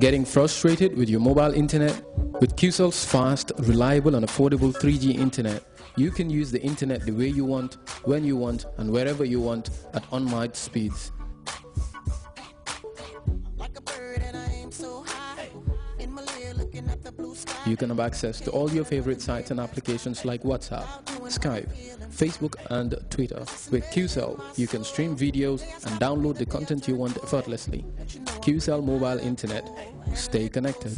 Getting frustrated with your mobile internet? With QCell's fast, reliable and affordable 3G internet, you can use the internet the way you want, when you want and wherever you want at unmarked speeds. You can have access to all your favorite sites and applications like WhatsApp, Skype, Facebook, and Twitter. With QCell, you can stream videos and download the content you want effortlessly. QCell Mobile Internet. Stay connected.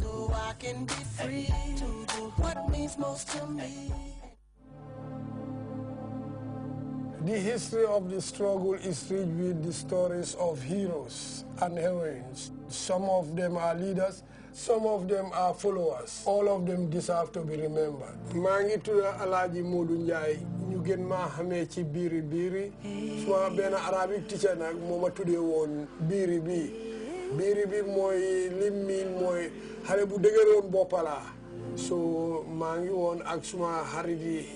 The history of the struggle is rich with the stories of heroes and heroines some of them are leaders, some of them are followers. All of them deserve to be remembered. Mangi ngi tudda Alaaji Moodu Njaay ñu gën maa xamee ci biiri biiri arabic teacher nag moma tu de woon biri bi biri bi mooy lim miin mooy xale bu dëgëroon boppalaa so mangi won woon ak suma haridi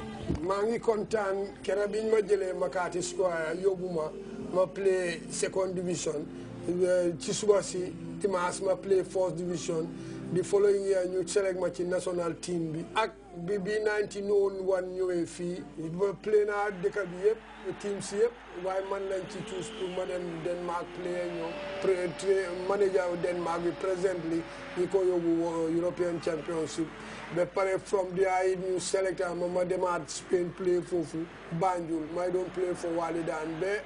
mangi maa ngi kontaan biñ ma Makati Square yobuma ma ma play second division Euh, ci suba si Timaas ma play first division di following year ñu select ma ci national team bi ak bi bi 1901 ñëwee fii ma play naa dëkk bi yëpp team si yëpp waaye man lañ ci choose pour ma dem Denmark play ñoom manager Denmark bi presently ñi ko yóbbu European Championship ba pare from there it ñu select ma ma demaat Spain play foofu Banjul may doon play for Walidan ba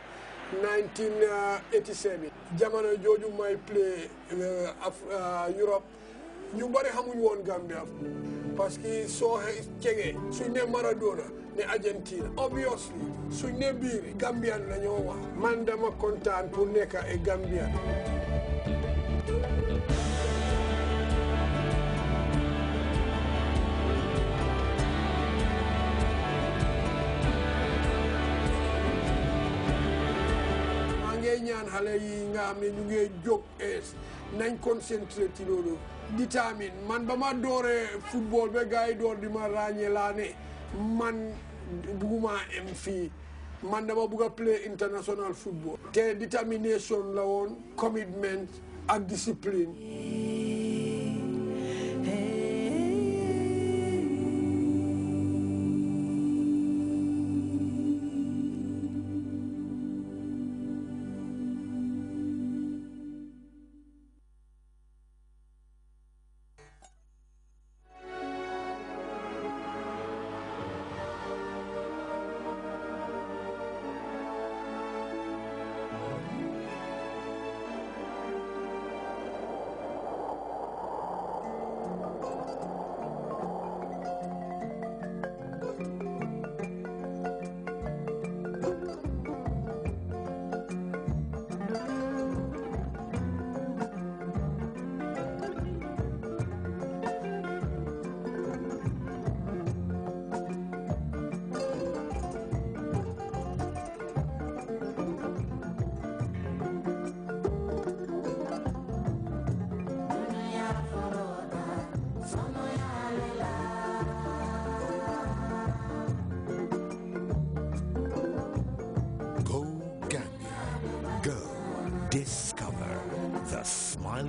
1987 jamono jooju may play uh, af uh, Europe ñu bari xamuñ woon Gambia parce que soo cegee suñ ne Maradona ne Argentina obviously suñ ne biir Gambian la man dama kontaan pour nekk ay Gambian ñaan xale yi nga xam ne ñu ngee jóg ees nañ concentré ci loolu man ba ma dooree football ba gars yi door di ma ràññee laa man bugguma am fii man dama bugg a play international football te détermination la commitment ak discipline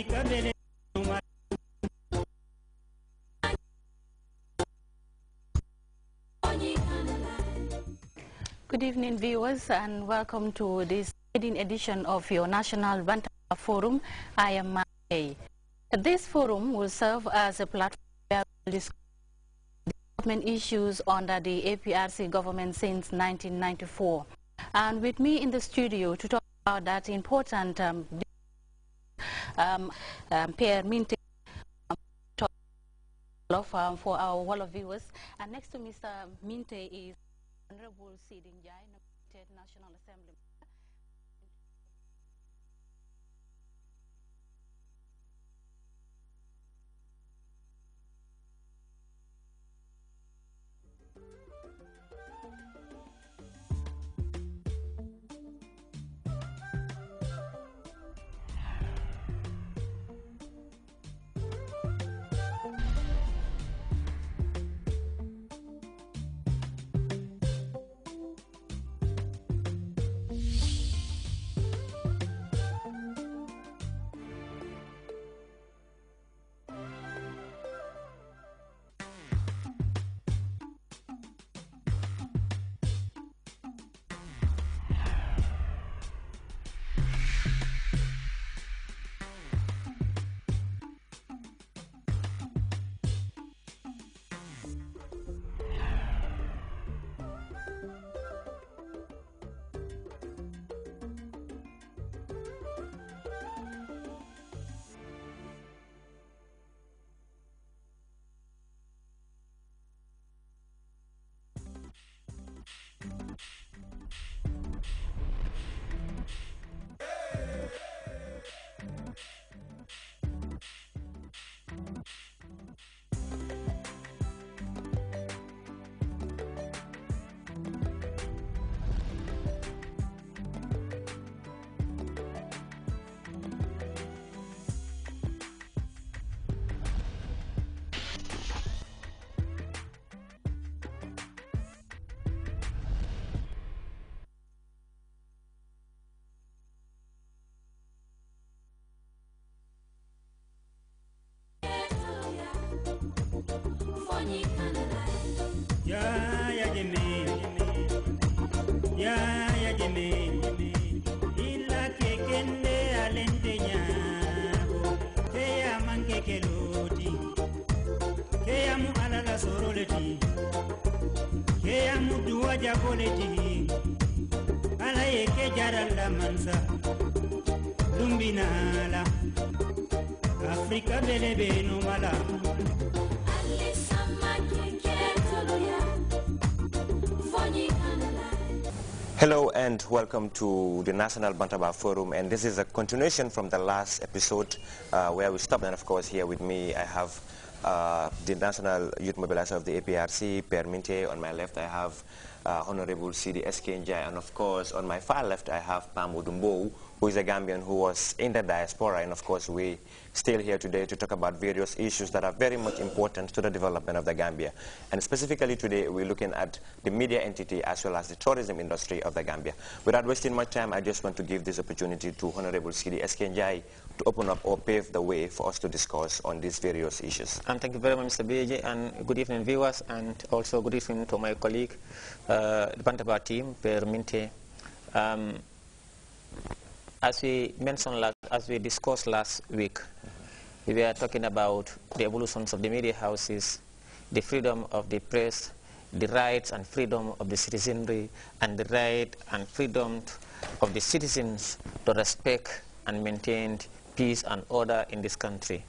Good evening, viewers, and welcome to this edition of your National Bantama Forum. I am May. This forum will serve as a platform where we discuss development issues under the APRC government since 1994. And with me in the studio to talk about that important um, um, um, um, um, for our wall of viewers. And next to Mr. Minte is Honorable Sidinjai, National Assembly. you ala ye ke mansa afrika Hello and welcome to the National Bantaba Forum and this is a continuation from the last episode uh, where we stopped and of course here with me I have uh, the National Youth Mobilizer of the APRC, Per Minte. On my left, I have uh, Honorable CD SKNJ, And of course, on my far left, I have Pam Odumbo, who is a Gambian who was in the diaspora. And of course, we still here today to talk about various issues that are very much important to the development of the Gambia. And specifically today, we're looking at the media entity as well as the tourism industry of the Gambia. Without wasting much time, I just want to give this opportunity to Honorable Sidi Eskenjai to open up or pave the way for us to discuss on these various issues. And thank you very much, Mr. Beje, and good evening, viewers, and also good evening to my colleague, uh, the Bantaba team, Per Minte. Um, as we mentioned, last, as we discussed last week, we were talking about the evolutions of the media houses, the freedom of the press, the rights and freedom of the citizenry, and the right and freedom of the citizens to respect and maintain peace and order in this country.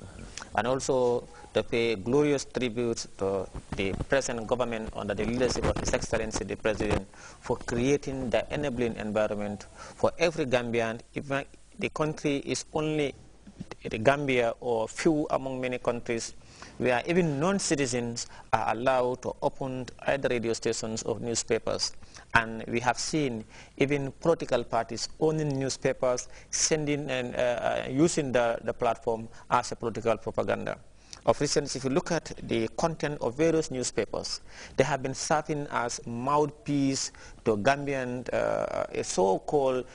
And also to pay glorious tribute to the present government under the leadership of His Excellency the President for creating the enabling environment for every Gambian, even the country is only the Gambia or few among many countries where even non-citizens are allowed to open either radio stations or newspapers. And we have seen even political parties owning newspapers, sending and uh, uh, using the, the platform as a political propaganda. Of recent, if you look at the content of various newspapers, they have been serving as mouthpiece to Gambian uh, so-called